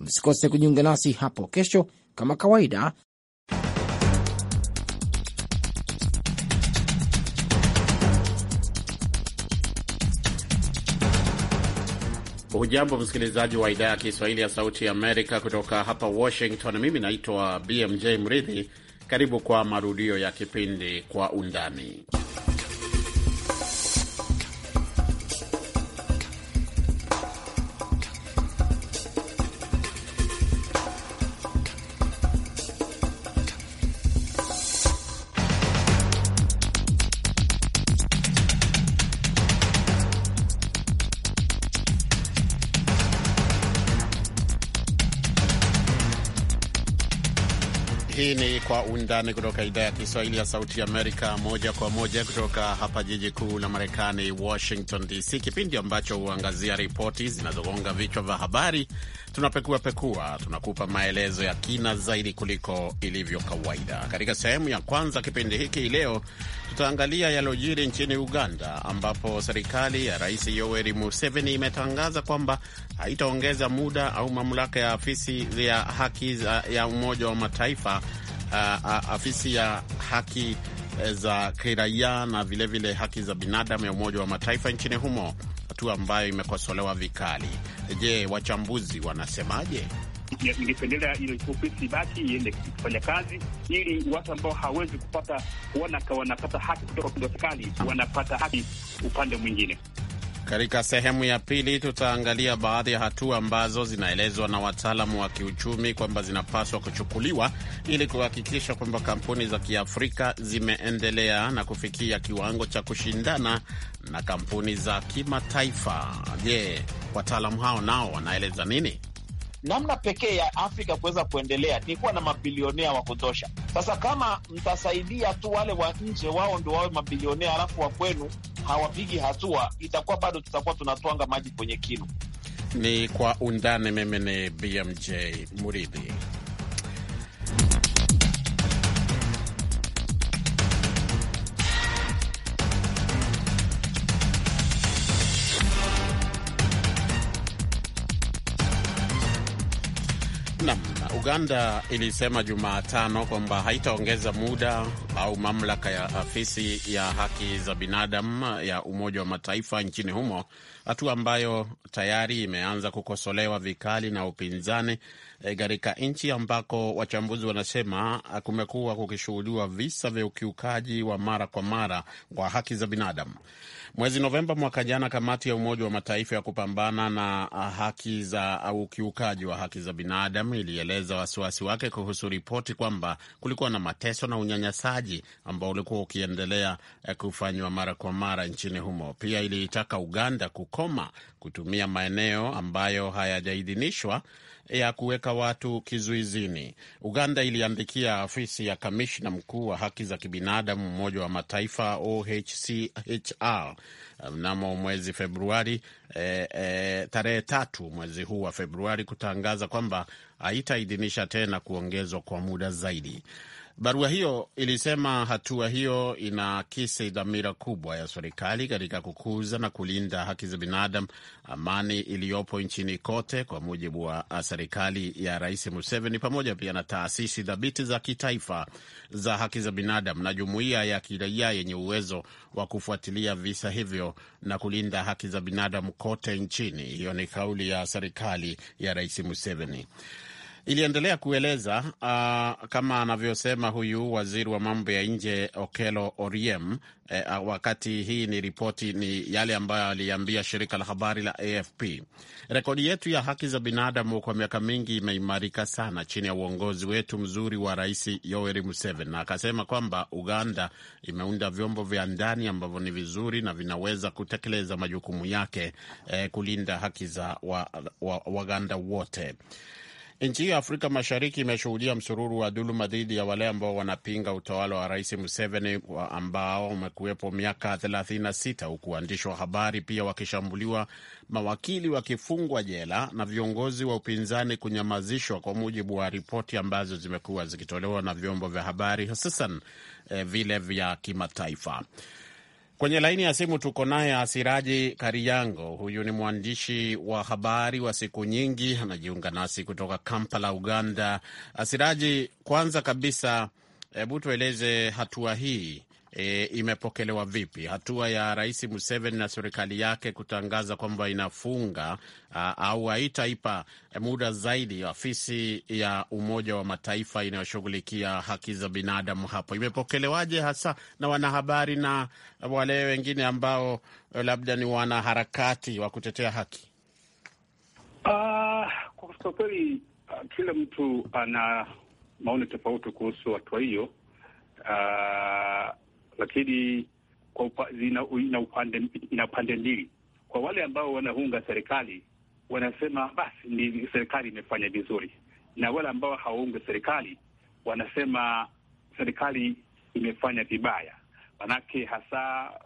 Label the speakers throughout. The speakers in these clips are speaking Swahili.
Speaker 1: Msikose kujiunga nasi hapo kesho kama kawaida.
Speaker 2: Hujambo msikilizaji wa idhaa ya Kiswahili ya Sauti ya Amerika kutoka hapa Washington. Mimi naitwa BMJ Mridhi. Karibu kwa marudio ya kipindi Kwa Undani. Hii ni Kwa Undani kutoka idhaa ya Kiswahili ya Sauti ya Amerika, moja kwa moja kutoka hapa jiji kuu la Marekani, Washington DC, kipindi ambacho huangazia ripoti zinazogonga vichwa vya habari. Tunapekua pekua, tunakupa maelezo ya kina zaidi kuliko ilivyo kawaida. Katika sehemu ya kwanza kipindi hiki hi leo, tutaangalia yalojiri nchini Uganda, ambapo serikali ya Rais Yoweri Museveni imetangaza kwamba haitaongeza muda au mamlaka ya afisi ya haki ya Umoja wa Mataifa Uh, uh, afisi ya haki eh, za kiraia na vilevile haki za binadamu ya Umoja wa Mataifa nchini humo, hatua ambayo imekosolewa vikali. Je, wachambuzi wanasemaje?
Speaker 3: Ningependelea ile ofisi basi iende kufanya kazi, ili watu ambao hawezi kupata kuona wanapata haki kutoka kwa serikali wanapata haki upande mwingine.
Speaker 2: Katika sehemu ya pili tutaangalia baadhi ya hatua ambazo zinaelezwa na wataalamu wa kiuchumi kwamba zinapaswa kuchukuliwa ili kuhakikisha kwamba kampuni za Kiafrika zimeendelea na kufikia kiwango cha kushindana na kampuni za kimataifa. Je, wataalamu hao nao wanaeleza nini?
Speaker 1: Namna pekee ya Afrika kuweza kuendelea ni kuwa na mabilionea wa kutosha. Sasa kama mtasaidia tu wale wa nje, wao ndo wawe mabilionea, halafu wa kwenu hawapigi hatua,
Speaker 2: itakuwa bado tutakuwa tunatwanga maji kwenye kinu. Ni kwa undani. Mimi ni BMJ Muridhi. Uganda ilisema Jumatano kwamba haitaongeza muda au mamlaka ya afisi ya haki za binadamu ya Umoja wa Mataifa nchini humo, hatua ambayo tayari imeanza kukosolewa vikali na upinzani Eh, katika e, nchi ambako wachambuzi wanasema eh, kumekuwa kukishuhudiwa visa vya ukiukaji wa mara kwa mara kwa haki za binadamu. Mwezi Novemba mwaka jana, kamati ya Umoja wa Mataifa ya kupambana na eh, haki za au ukiukaji wa haki za binadamu ilieleza wasiwasi wake kuhusu ripoti kwamba kulikuwa na mateso na unyanyasaji ambao ulikuwa ukiendelea kufanywa mara kwa mara nchini humo. Pia iliitaka Uganda kukoma kutumia maeneo ambayo hayajaidhinishwa ya kuweka watu kizuizini. Uganda iliandikia afisi ya kamishna mkuu wa haki za kibinadamu Umoja wa Mataifa OHCHR mnamo mwezi Februari e, e, tarehe tatu mwezi huu wa Februari kutangaza kwamba haitaidhinisha tena kuongezwa kwa muda zaidi. Barua hiyo ilisema hatua hiyo inaakisi dhamira kubwa ya serikali katika kukuza na kulinda haki za binadamu, amani iliyopo nchini kote, kwa mujibu wa serikali ya Rais Museveni, pamoja pia na taasisi dhabiti za kitaifa za haki za binadamu na jumuiya ya kiraia yenye uwezo wa kufuatilia visa hivyo na kulinda haki za binadamu kote nchini. Hiyo ni kauli ya serikali ya Rais Museveni iliendelea kueleza uh, kama anavyosema huyu waziri wa mambo ya nje Okelo Oriem. Eh, ah, wakati hii ni ripoti ni yale ambayo aliambia shirika la habari la AFP. Rekodi yetu ya haki za binadamu kwa miaka mingi imeimarika sana chini ya uongozi wetu mzuri wa Rais Yoweri Museveni, na akasema kwamba Uganda imeunda vyombo vya ndani ambavyo ni vizuri na vinaweza kutekeleza majukumu yake eh, kulinda haki za Waganda wa, wa wote. Nchi hiyo Afrika Mashariki imeshuhudia msururu wa dhuluma dhidi ya wale ambao wanapinga utawala wa Rais Museveni ambao umekuwepo miaka 36 huku waandishi wa habari pia wakishambuliwa, mawakili wakifungwa jela na viongozi wa upinzani kunyamazishwa, kwa mujibu wa ripoti ambazo zimekuwa zikitolewa na vyombo vya habari hususan eh, vile vya kimataifa. Kwenye laini ya simu tuko naye Asiraji Kariango. Huyu ni mwandishi wa habari wa siku nyingi, anajiunga nasi kutoka Kampala, Uganda. Asiraji, kwanza kabisa, hebu tueleze hatua hii e, imepokelewa vipi hatua ya Rais Museveni na serikali yake kutangaza kwamba inafunga a, au haitaipa muda zaidi ofisi ya Umoja wa Mataifa inayoshughulikia haki za binadamu hapo, imepokelewaje hasa na wanahabari na wale wengine ambao e, labda ni wanaharakati wa kutetea haki?
Speaker 3: Uh, kweli uh, kila mtu ana maoni tofauti kuhusu hatua hiyo. Uh, lakini kwa ina, ina upande ina pande mbili. Kwa wale ambao wanaunga serikali wanasema basi ni serikali imefanya vizuri, na wale ambao hawaunge serikali wanasema serikali imefanya vibaya. Manake hasa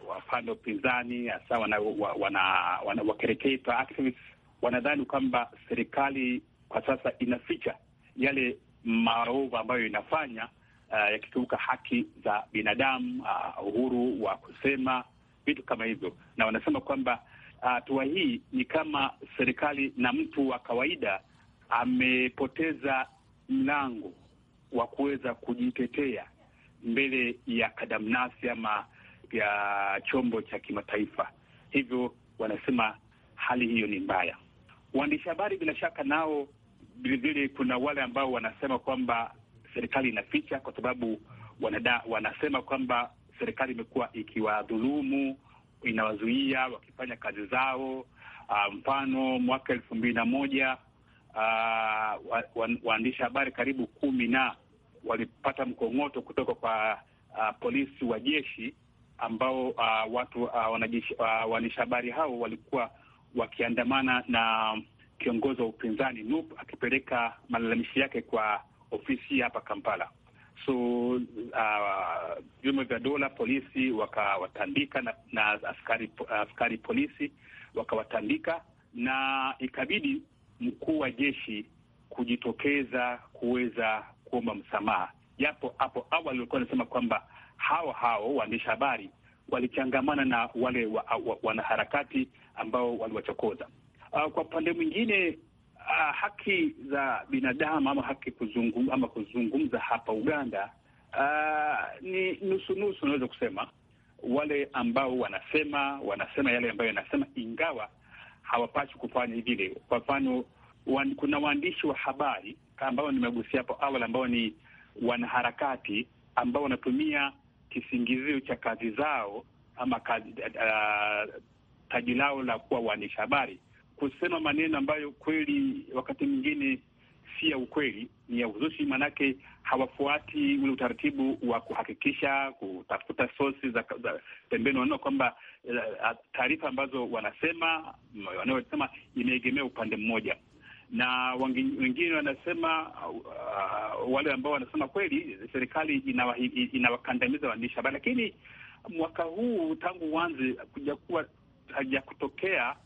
Speaker 3: wapande wa upinzani hasa wanakereketwa wana, wana, wana, activists wanadhani kwamba serikali kwa sasa inaficha yale maovu ambayo inafanya uh, eh, yakikiuka haki za binadamu uh, uhuru wa kusema vitu kama hivyo, na wanasema kwamba eh, hatua uh, hii ni kama serikali na mtu wa kawaida amepoteza mlango wa kuweza kujitetea mbele ya kadamnasi ama ya chombo cha kimataifa. Hivyo wanasema hali hiyo ni mbaya. Waandishi habari bila shaka nao vilevile, kuna wale ambao wanasema kwamba serikali inaficha, kwa sababu wanada, wanasema kwamba serikali imekuwa ikiwadhulumu, inawazuia wakifanya kazi zao. Uh, mfano mwaka elfu mbili na moja uh, waandishi habari karibu kumi na walipata mkong'oto kutoka kwa uh, polisi wa jeshi ambao uh, watu uh, waandishi uh, habari hao walikuwa wakiandamana na kiongozi wa upinzani NUP akipeleka malalamishi yake kwa ofisi hapa Kampala. So uh, vyombo uh, vya dola, polisi wakawatandika na, na askari, askari polisi wakawatandika, na ikabidi mkuu wa jeshi kujitokeza kuweza kuomba msamaha, japo hapo awali walikuwa wanasema kwamba hao hao waandishi habari walichangamana na wale wa, wa, wanaharakati ambao waliwachokoza. Uh, kwa upande mwingine uh, haki za binadamu ama haki kuzungum, ama kuzungumza hapa Uganda uh, ni nusu nusu, unaweza kusema wale ambao wanasema wanasema yale ambayo yanasema, ingawa hawapaswi kufanya vile. Kwa mfano wan, kuna waandishi wa habari ambao nimegusia hapo awali ambao ni wanaharakati ambao wanatumia kisingizio cha kazi zao ama kazi, uh, taji lao la kuwa waandishi habari kusema maneno ambayo kweli wakati mwingine si ya ukweli, ni ya uzushi, maanake hawafuati ule utaratibu wa kuhakikisha, kutafuta sosi za pembeni, wanaona kwamba eh, ah, taarifa ambazo wanasema wanayosema imeegemea upande mmoja na wengine wanasema uh, wale ambao wanasema kweli serikali inawakandamiza waandishi habari, lakini mwaka huu tangu uanze kuja hajakutokea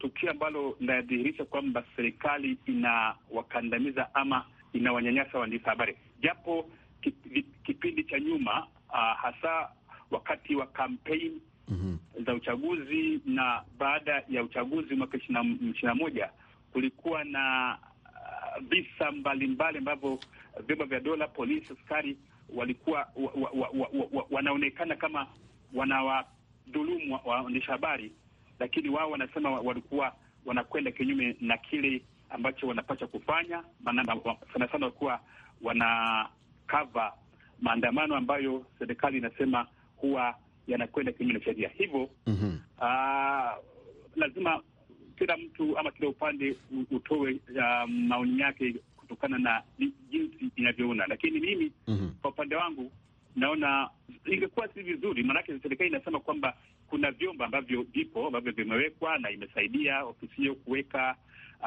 Speaker 3: tukio ambalo linadhihirisha kwamba serikali inawakandamiza ama inawanyanyasa waandishi habari, japo kipindi cha nyuma uh, hasa wakati wa kampeni mm -hmm. za uchaguzi na baada ya uchaguzi mwaka ishirini na moja kulikuwa na uh, visa mbalimbali ambavyo vyombo vya dola, polisi, askari walikuwa wa, wa, wa, wa, wa, wanaonekana kama wanawadhulumu waandishi habari lakini wao wanasema walikuwa wanakwenda kinyume na kile ambacho wanapaswa kufanya. Sana sana walikuwa wana cover maandamano ambayo serikali inasema huwa yanakwenda kinyume na sheria, hivyo mm -hmm. Uh, lazima kila mtu ama kila upande utoe uh, maoni yake kutokana na jinsi inavyoona, lakini mimi mm -hmm. kwa upande wangu naona ingekuwa si vizuri, maanake serikali inasema kwamba kuna vyombo ambavyo vipo ambavyo vimewekwa na imesaidia ofisi hiyo kuweka uh,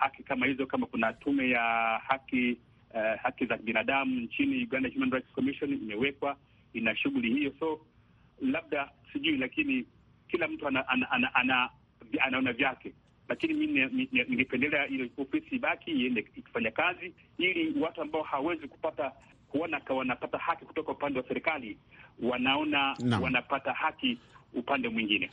Speaker 3: haki kama hizo, kama kuna tume ya haki uh, haki za binadamu nchini Uganda, Human Rights Commission imewekwa, ina shughuli hiyo, so labda sijui, lakini kila mtu ana, ana, ana, ana, anaona vyake, lakini mi ningependelea ile ofisi ibaki iende ikifanya kazi, ili watu ambao hawezi kupata kuona wanapata haki kutoka upande wa serikali, wanaona no. wanapata haki upande mwingine.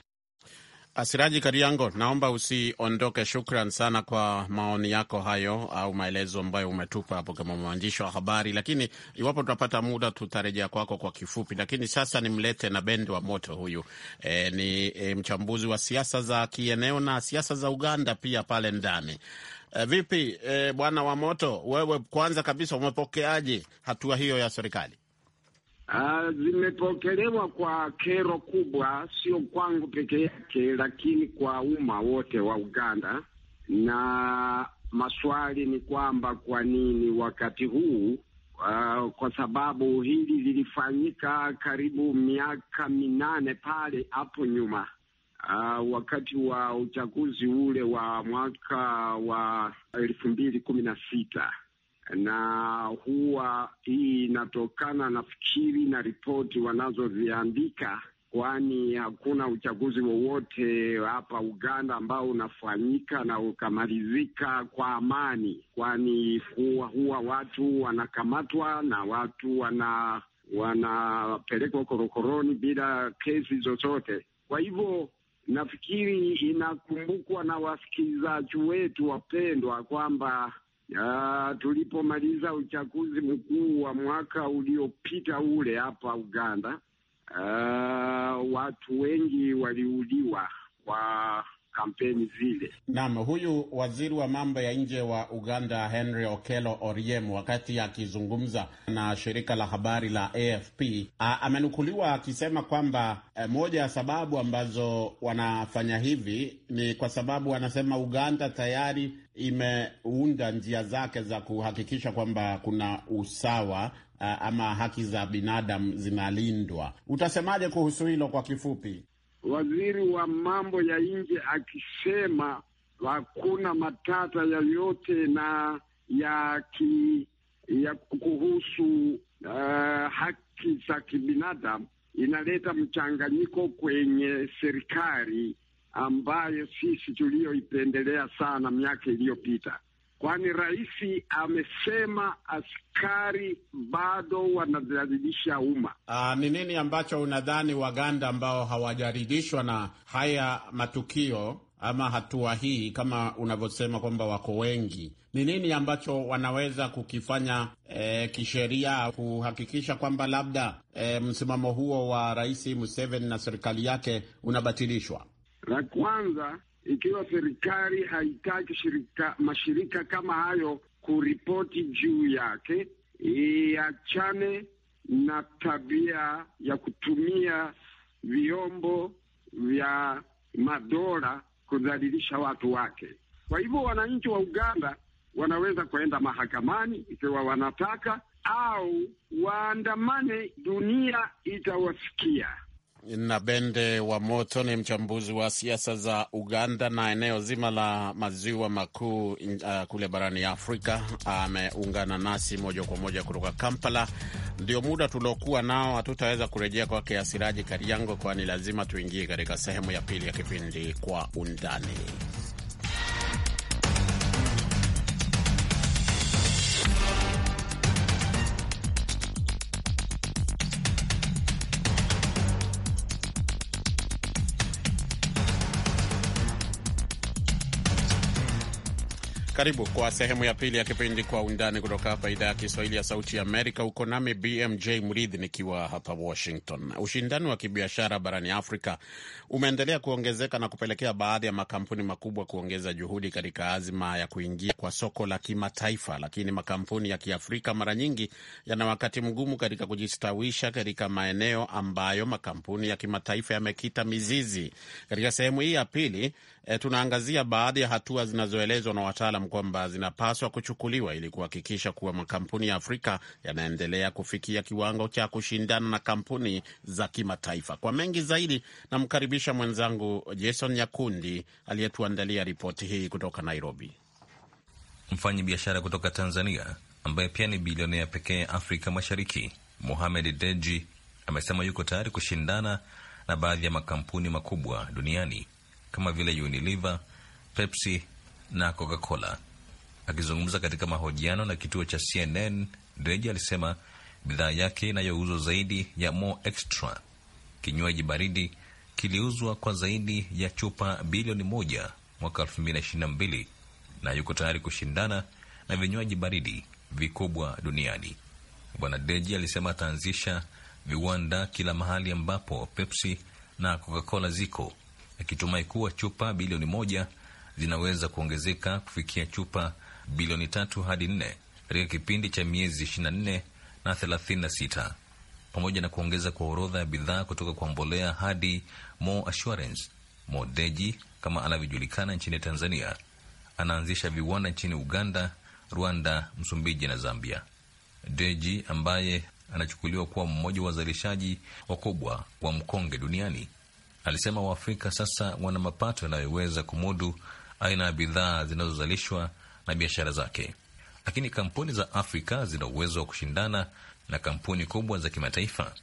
Speaker 2: Asiraji Kariango, naomba usiondoke. Shukran sana kwa maoni yako hayo au maelezo ambayo umetupa hapo kama mwandishi wa habari, lakini iwapo tutapata muda tutarejea kwako kwa kifupi. Lakini sasa nimlete na bendi wa moto huyu e, ni e, mchambuzi wa siasa za kieneo na siasa za Uganda pia pale ndani. E, vipi e, bwana wa moto, wewe kwanza kabisa umepokeaje hatua hiyo ya serikali?
Speaker 4: Ah, zimepokelewa kwa kero kubwa, sio kwangu peke yake, lakini kwa umma wote wa Uganda. Na maswali ni kwamba kwa nini wakati huu? Uh, kwa sababu hili lilifanyika karibu miaka minane pale hapo nyuma, uh, wakati wa uchaguzi ule wa mwaka wa elfu mbili kumi na sita na huwa hii inatokana nafikiri na ripoti wanazoziandika, kwani hakuna uchaguzi wowote hapa Uganda ambao unafanyika na ukamalizika kwa amani, kwani huwa, huwa watu wanakamatwa na watu wana wanapelekwa korokoroni bila kesi zozote. Kwa hivyo nafikiri inakumbukwa na wasikilizaji wetu wapendwa kwamba ya tulipomaliza uchaguzi mkuu wa mwaka uliopita ule hapa Uganda, uh, watu wengi waliuliwa kwa kampeni zile.
Speaker 2: Naam, huyu waziri wa mambo ya nje wa Uganda Henry Okello Oryem, wakati akizungumza na shirika la habari la AFP, amenukuliwa akisema kwamba e, moja ya sababu ambazo wanafanya hivi ni kwa sababu anasema Uganda tayari imeunda njia zake za kuhakikisha kwamba kuna usawa eh, ama haki za binadamu zinalindwa. Utasemaje kuhusu hilo kwa kifupi?
Speaker 4: waziri wa mambo ya nje akisema hakuna matata yoyote na ya ki, ya kuhusu uh, haki za kibinadamu, inaleta mchanganyiko kwenye serikali ambayo sisi tuliyoipendelea sana miaka iliyopita kwani rais amesema askari bado wanadhalilisha umma.
Speaker 2: Ah, ni nini ambacho unadhani Waganda ambao hawajaridhishwa na haya matukio ama hatua hii, kama unavyosema kwamba wako wengi, ni nini ambacho wanaweza kukifanya e, kisheria kuhakikisha kwamba labda e, msimamo huo wa Rais Museveni na serikali yake unabatilishwa?
Speaker 4: La kwanza ikiwa serikali haitaki shirika, mashirika kama hayo kuripoti juu yake, iachane na tabia ya kutumia vyombo vya madola kudhalilisha watu wake. Kwa hivyo wananchi wa Uganda wanaweza kuenda mahakamani ikiwa wanataka, au waandamane, dunia itawasikia
Speaker 2: na Bende wa Moto ni mchambuzi wa siasa za Uganda na eneo zima la maziwa makuu uh, kule barani Afrika. Ameungana uh, nasi moja kwa moja kutoka Kampala. Ndio muda tuliokuwa nao, hatutaweza kurejea kwake Asiraji Kariango, kwani lazima tuingie katika sehemu ya pili ya kipindi Kwa Undani. Karibu kwa sehemu ya pili ya kipindi Kwa Undani kutoka hapa idhaa ya Kiswahili ya Sauti Amerika. Uko nami BMJ Mridhi nikiwa hapa Washington. Ushindani wa kibiashara barani Afrika umeendelea kuongezeka na kupelekea baadhi ya makampuni makubwa kuongeza juhudi katika azima ya kuingia kwa soko la kimataifa, lakini makampuni ya Kiafrika mara nyingi yana wakati mgumu katika kujistawisha katika maeneo ambayo makampuni ya kimataifa yamekita mizizi. Katika sehemu hii ya pili, e, tunaangazia baadhi ya hatua zinazoelezwa na wataalam kwamba zinapaswa kuchukuliwa ili kuhakikisha kuwa makampuni ya Afrika yanaendelea kufikia kiwango cha kushindana na kampuni za kimataifa. Kwa mengi zaidi, namkaribisha mwenzangu Jason Nyakundi aliyetuandalia ripoti hii kutoka Nairobi.
Speaker 5: biashara kutoka Tanzania ambaye pia ni bilionea pekee Afrika Mashariki, Mohamed Deji amesema yuko tayari kushindana na baadhi ya makampuni makubwa duniani kama vile Unilever, Pepsi na Coca-Cola. Akizungumza katika mahojiano na kituo cha CNN, Dreji alisema bidhaa yake inayouzwa zaidi ya More Extra, kinywaji baridi, kiliuzwa kwa zaidi ya chupa bilioni moja mwaka 2022 na yuko tayari kushindana na vinywaji baridi vikubwa duniani. Bwana Deji alisema ataanzisha viwanda kila mahali ambapo Pepsi na Coca-Cola ziko, akitumai kuwa chupa bilioni moja zinaweza kuongezeka kufikia chupa bilioni tatu hadi nne katika kipindi cha miezi 24 na 36, pamoja na kuongeza kwa orodha ya bidhaa kutoka kwa mbolea hadi Mo Assurance. Mo Deji kama anavyojulikana nchini Tanzania anaanzisha viwanda nchini Uganda, Rwanda, Msumbiji na Zambia. Deji ambaye anachukuliwa kuwa mmoja wa wazalishaji wakubwa wa mkonge duniani alisema Waafrika sasa wana mapato yanayoweza kumudu aina ya bidhaa zinazozalishwa na biashara zake. Lakini kampuni za Afrika zina uwezo wa kushindana na kampuni kubwa za kimataifa.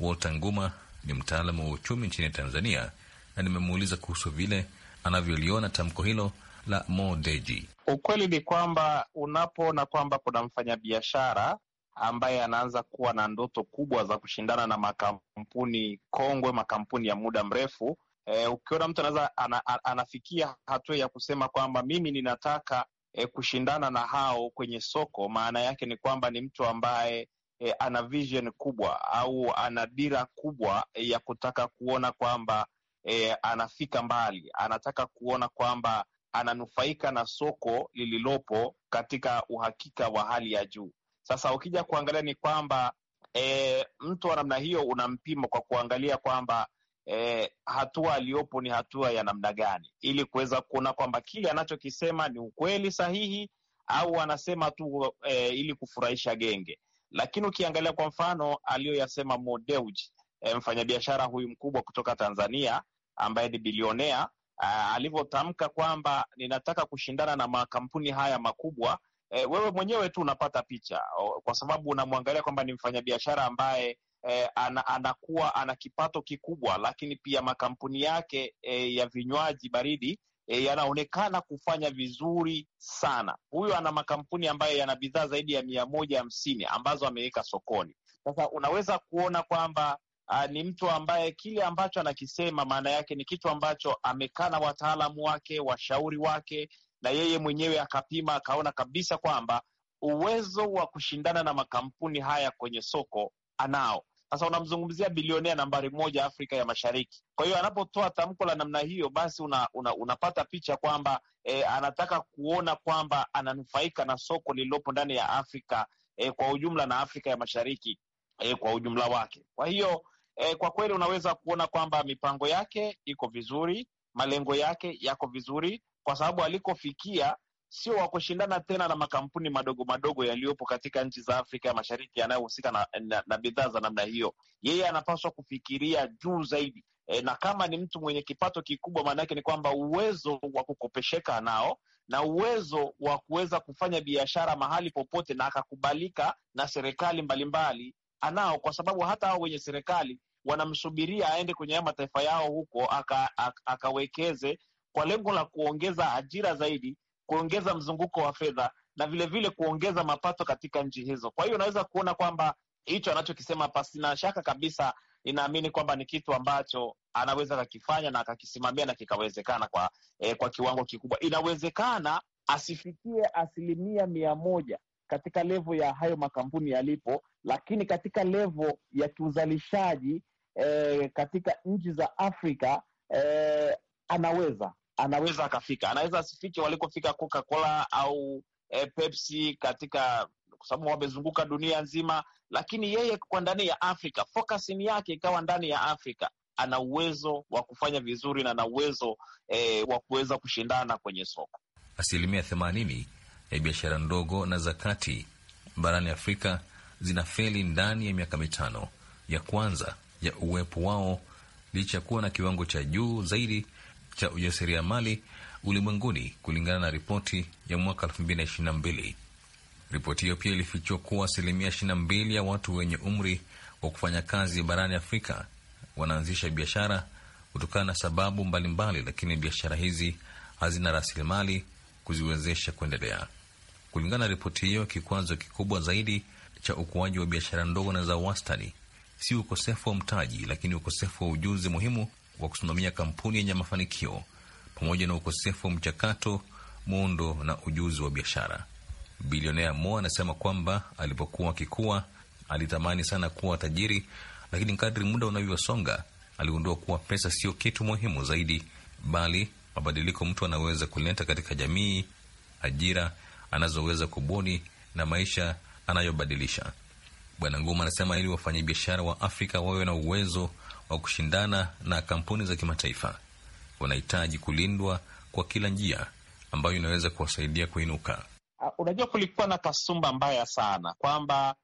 Speaker 5: Walter Nguma ni mtaalamu wa uchumi nchini Tanzania, na nimemuuliza kuhusu vile anavyoliona tamko hilo la Modeji.
Speaker 1: Ukweli ni kwamba unapoona kwamba kuna mfanyabiashara ambaye anaanza kuwa na ndoto kubwa za kushindana na makampuni kongwe, makampuni ya muda mrefu, eh, ukiona mtu anaweza ana, ana, anafikia hatua ya kusema kwamba mimi ninataka eh, kushindana na hao kwenye soko, maana yake ni kwamba ni mtu ambaye eh, ana vision kubwa au ana dira kubwa eh, ya kutaka kuona kwamba eh, anafika mbali, anataka kuona kwamba ananufaika na soko lililopo katika uhakika wa hali ya juu. Sasa ukija kuangalia ni kwamba e, mtu wa namna hiyo unampima kwa kuangalia kwamba eh, hatua aliyopo ni hatua ya namna gani, ili kuweza kuona kwamba kile anachokisema ni ukweli sahihi au anasema tu eh, ili kufurahisha genge. Lakini ukiangalia kwa mfano aliyoyasema Mo Dewji, eh, mfanyabiashara huyu mkubwa kutoka Tanzania ambaye ni bilionea ah, alivyotamka kwamba ninataka kushindana na makampuni haya makubwa. E, wewe mwenyewe tu unapata picha o, kwa sababu unamwangalia kwamba ni mfanyabiashara ambaye eh, ana, anakuwa ana kipato kikubwa, lakini pia makampuni yake eh, ya vinywaji baridi eh, yanaonekana kufanya vizuri sana. Huyu ana makampuni ambayo yana bidhaa zaidi ya mia moja hamsini ambazo ameweka sokoni. Sasa unaweza kuona kwamba Uh, ni mtu ambaye kile ambacho anakisema maana yake ni kitu ambacho amekaa na wataalamu wake, washauri wake, na yeye mwenyewe akapima akaona kabisa kwamba uwezo wa kushindana na makampuni haya kwenye soko anao. Sasa unamzungumzia bilionea nambari moja Afrika ya Mashariki. Kwa hiyo anapotoa tamko la namna hiyo, basi una, una, unapata picha kwamba e, anataka kuona kwamba ananufaika na soko lililopo ndani ya Afrika e, kwa ujumla na Afrika ya Mashariki e, kwa ujumla wake. Kwa hiyo e, kwa kweli unaweza kuona kwamba mipango yake iko vizuri, malengo yake yako vizuri, kwa sababu alikofikia sio wa kushindana tena na makampuni madogo madogo yaliyopo katika nchi za Afrika ya Mashariki yanayohusika na, na, na bidhaa za namna hiyo. Yeye anapaswa kufikiria juu zaidi e, na kama ni mtu mwenye kipato kikubwa, maana yake ni kwamba uwezo wa kukopesheka nao na uwezo wa kuweza kufanya biashara mahali popote na akakubalika na serikali mbalimbali anao, kwa sababu hata hao wenye serikali wanamsubiria aende kwenye haya mataifa yao huko akawekeze aka, aka kwa lengo la kuongeza ajira zaidi kuongeza mzunguko wa fedha na vilevile vile kuongeza mapato katika nchi hizo. Kwa hiyo unaweza kuona kwamba hicho anachokisema, pasina shaka kabisa, inaamini kwamba ni kitu ambacho anaweza akakifanya na akakisimamia na kikawezekana kwa, eh, kwa kiwango kikubwa. Inawezekana asifikie asilimia mia moja katika levo ya hayo makampuni yalipo, lakini katika levo ya kiuzalishaji eh, katika nchi za Afrika eh, anaweza anaweza akafika, anaweza asifike walikofika Coca-Cola au e, Pepsi katika kwa sababu wamezunguka dunia nzima, lakini yeye kwa ndani ya Afrika, focusing yake ikawa ndani ya Afrika, ana uwezo wa kufanya vizuri na ana uwezo e, wa kuweza kushindana kwenye soko.
Speaker 5: Asilimia themanini ya biashara ndogo na za kati barani Afrika zinafeli ndani ya miaka mitano ya kwanza ya uwepo wao licha ya kuwa na kiwango cha juu zaidi cha ujasiriamali ulimwenguni kulingana na ripoti ya mwaka 2022. Ripoti hiyo pia ilifichua kuwa asilimia 22 ya watu wenye umri wa kufanya kazi barani Afrika wanaanzisha biashara kutokana na sababu mbalimbali mbali, lakini biashara hizi hazina rasilimali kuziwezesha kuendelea. Kulingana na ripoti hiyo, kikwazo kikubwa zaidi cha ukuaji wa biashara ndogo na za wastani si ukosefu wa mtaji, lakini ukosefu wa ujuzi muhimu wa kusimamia kampuni yenye mafanikio pamoja na ukosefu wa mchakato, muundo na ujuzi wa biashara. Bilionea Mo anasema kwamba alipokuwa akikua alitamani sana kuwa tajiri, lakini kadri muda unavyosonga aligundua kuwa pesa sio kitu muhimu zaidi, bali mabadiliko mtu anaweza kuleta katika jamii, ajira anazoweza kubuni na maisha anayobadilisha. Bwana Nguma anasema ili wafanyabiashara wa Afrika wawe na uwezo wa kushindana na kampuni za kimataifa. Wanahitaji kulindwa kwa kila njia ambayo inaweza kuwasaidia kuinuka.
Speaker 1: Uh, unajua kulikuwa na kasumba mbaya sana kwamba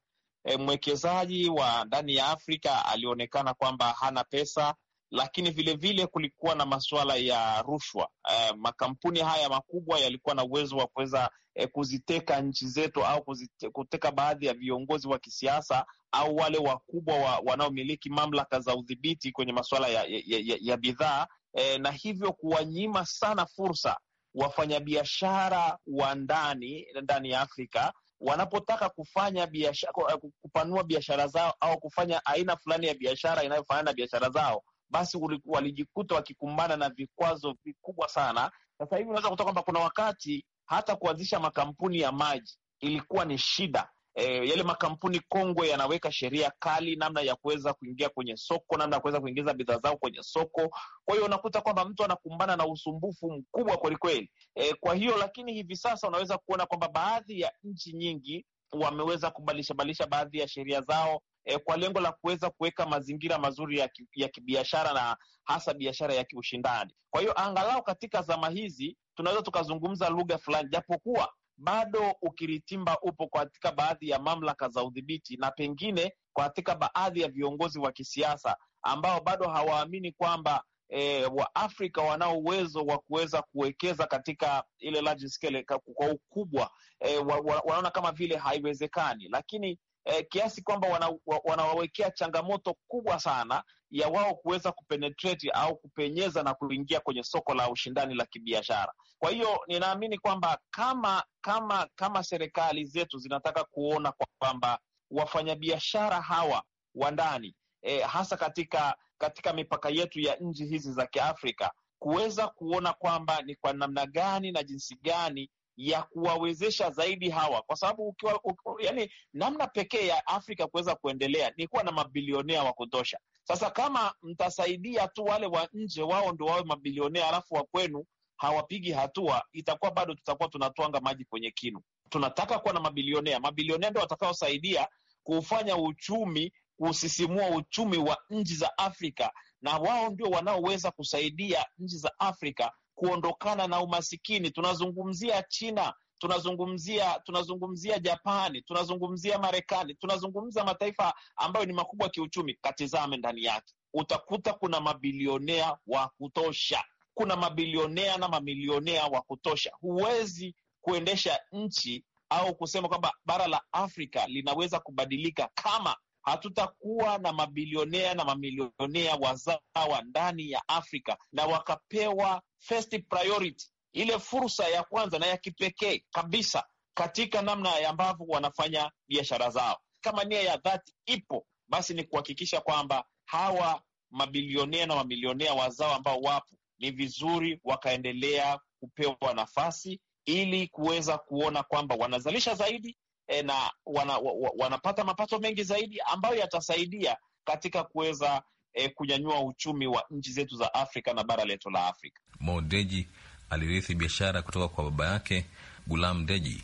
Speaker 1: eh, mwekezaji wa ndani ya Afrika alionekana kwamba hana pesa lakini vilevile vile kulikuwa na masuala ya rushwa. Uh, makampuni haya makubwa yalikuwa na uwezo wa kuweza eh, kuziteka nchi zetu au kuzite, kuteka baadhi ya viongozi wa kisiasa au wale wakubwa wa, wanaomiliki mamlaka za udhibiti kwenye masuala ya, ya, ya, ya bidhaa eh, na hivyo kuwanyima sana fursa wafanyabiashara wa ndani ndani ya Afrika wanapotaka kufanya biashara, kupanua biashara zao au kufanya aina fulani ya biashara inayofanana na biashara zao basi walijikuta wakikumbana na vikwazo vikubwa sana. Sasa hivi unaweza kuta kwamba kuna wakati hata kuanzisha makampuni ya maji ilikuwa ni shida. E, yale makampuni kongwe yanaweka sheria kali namna ya kuweza kuingia kwenye soko, namna ya kuweza kuingiza bidhaa zao kwenye soko. Kwa hiyo unakuta kwamba mtu anakumbana na usumbufu mkubwa kwelikweli. E, kwa hiyo lakini hivi sasa unaweza kuona kwamba baadhi ya nchi nyingi wameweza kubadilishabadilisha baadhi ya sheria zao eh, kwa lengo la kuweza kuweka mazingira mazuri ya, ki, ya kibiashara na hasa biashara ya kiushindani. Kwa hiyo angalau katika zama hizi tunaweza tukazungumza lugha fulani, japokuwa bado ukiritimba upo katika baadhi ya mamlaka za udhibiti na pengine katika baadhi ya viongozi wa kisiasa ambao bado hawaamini kwamba E, eh, Waafrika wanao uwezo wa kuweza kuwekeza katika ile large scale kwa ukubwa e, wa, wa, wanaona kama vile haiwezekani, lakini eh, kiasi kwamba wana, wanawawekea changamoto kubwa sana ya wao kuweza kupenetrate au kupenyeza na kuingia kwenye soko la ushindani la kibiashara. Kwa hiyo ninaamini kwamba kama kama kama serikali zetu zinataka kuona kwamba wafanyabiashara hawa wa ndani eh, hasa katika katika mipaka yetu ya nchi hizi za Kiafrika kuweza kuona kwamba ni kwa namna gani na jinsi gani ya kuwawezesha zaidi hawa, kwa sababu ukiwa, ukiwa, yani namna pekee ya Afrika kuweza kuendelea ni kuwa na mabilionea wa kutosha. Sasa kama mtasaidia tu wale wa nje, wao ndo wawe mabilionea, alafu wa kwenu hawapigi hatua, itakuwa bado tutakuwa tunatwanga maji kwenye kinu. Tunataka kuwa na mabilionea. Mabilionea ndo watakaosaidia kufanya uchumi, kusisimua uchumi wa nchi za Afrika, na wao ndio wanaoweza kusaidia nchi za Afrika kuondokana na umasikini. Tunazungumzia China, tunazungumzia tunazungumzia Japani, tunazungumzia Marekani, tunazungumza mataifa ambayo ni makubwa kiuchumi. Katizame ndani yake, utakuta kuna mabilionea wa kutosha, kuna mabilionea na mamilionea wa kutosha. Huwezi kuendesha nchi au kusema kwamba bara la Afrika linaweza kubadilika kama hatutakuwa na mabilionea na mamilionea wazawa ndani ya Afrika na wakapewa first priority, ile fursa ya kwanza na ya kipekee kabisa katika namna ambavyo wanafanya biashara zao. Kama nia ya dhati ipo, basi ni kuhakikisha kwamba hawa mabilionea na mamilionea wazawa ambao wapo ni vizuri wakaendelea kupewa nafasi ili kuweza kuona kwamba wanazalisha zaidi e, na wana, wana, wanapata mapato mengi zaidi ambayo yatasaidia katika kuweza e, kunyanyua uchumi wa nchi zetu za Afrika na bara letu la Afrika.
Speaker 5: Mo Deji alirithi biashara kutoka kwa baba yake Gulam Deji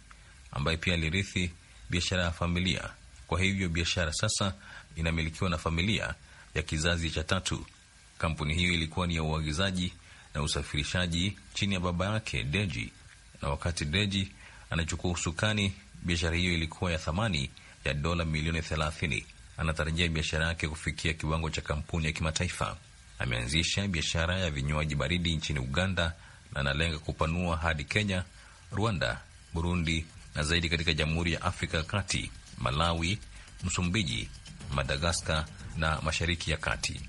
Speaker 5: ambaye pia alirithi biashara ya familia. Kwa hivyo biashara sasa inamilikiwa na familia ya kizazi cha tatu. Kampuni hiyo ilikuwa ni ya uagizaji na usafirishaji chini ya baba yake Deji, na wakati Deji anachukua usukani biashara hiyo ilikuwa ya thamani ya dola milioni thelathini Anatarajia biashara yake kufikia kiwango cha kampuni ya kimataifa. Ameanzisha biashara ya vinywaji baridi nchini Uganda na analenga kupanua hadi Kenya, Rwanda, Burundi na zaidi katika Jamhuri ya Afrika ya Kati, Malawi, Msumbiji, Madagaskar na Mashariki
Speaker 2: ya Kati.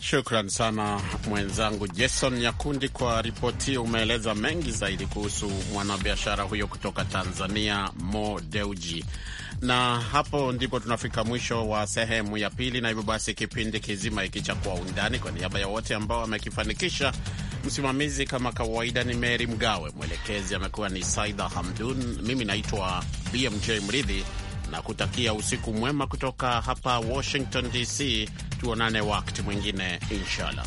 Speaker 2: Shukran sana mwenzangu Jason Nyakundi kwa ripoti hiyo. Umeeleza mengi zaidi kuhusu mwanabiashara huyo kutoka Tanzania, Mo Deuji. Na hapo ndipo tunafika mwisho wa sehemu ya pili, na hivyo basi kipindi kizima hiki cha Kwa Undani, kwa niaba ya wote ambao wamekifanikisha, msimamizi kama kawaida ni Meri Mgawe, mwelekezi amekuwa ni Saida Hamdun, mimi naitwa BMJ Mridhi na kutakia usiku mwema kutoka hapa Washington DC. Tuonane wakati mwingine inshallah.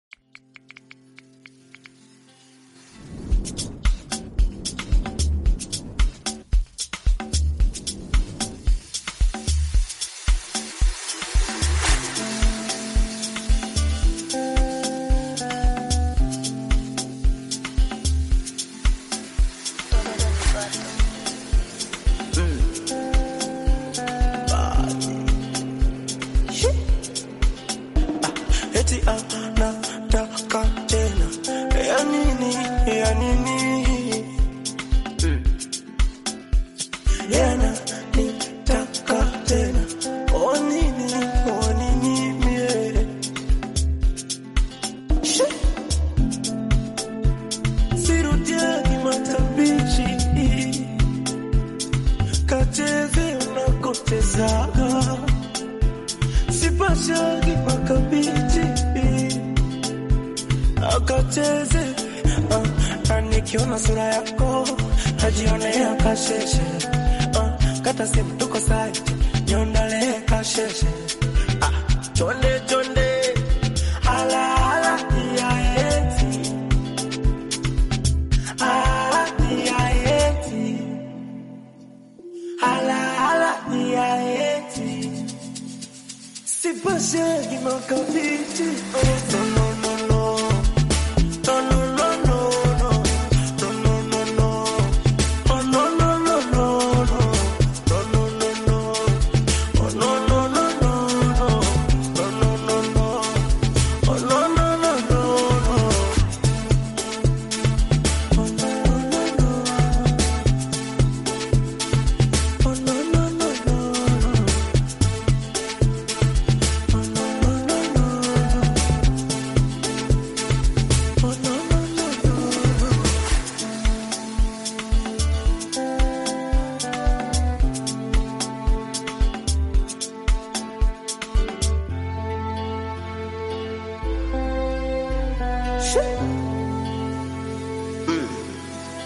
Speaker 6: passer, il manque un petit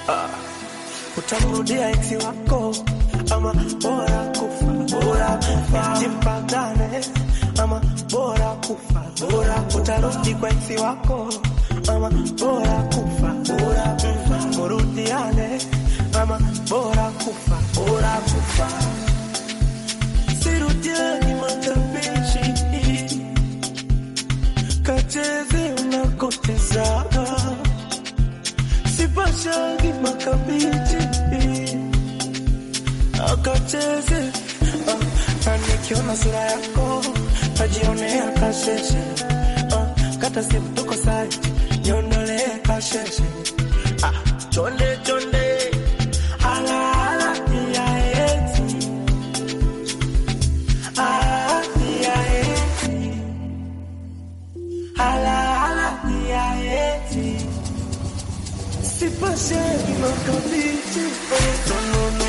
Speaker 6: Ah. utamrudia eksi wako ama bora kufa bora kufa, jipangane ama bora kufa bora, utarudi kwa eksi wako ama bora kufa bora kufa, murudiane ama bora kufa bora kufa, sirudiani matabishi kacheze unakoteza akacheze anikiona ah, ah, sura yako najionea kasheshe ah, kata simu tuko sai niondolee kasheshe chonde chonde ti passerai, ma capisci. Oh, no, no,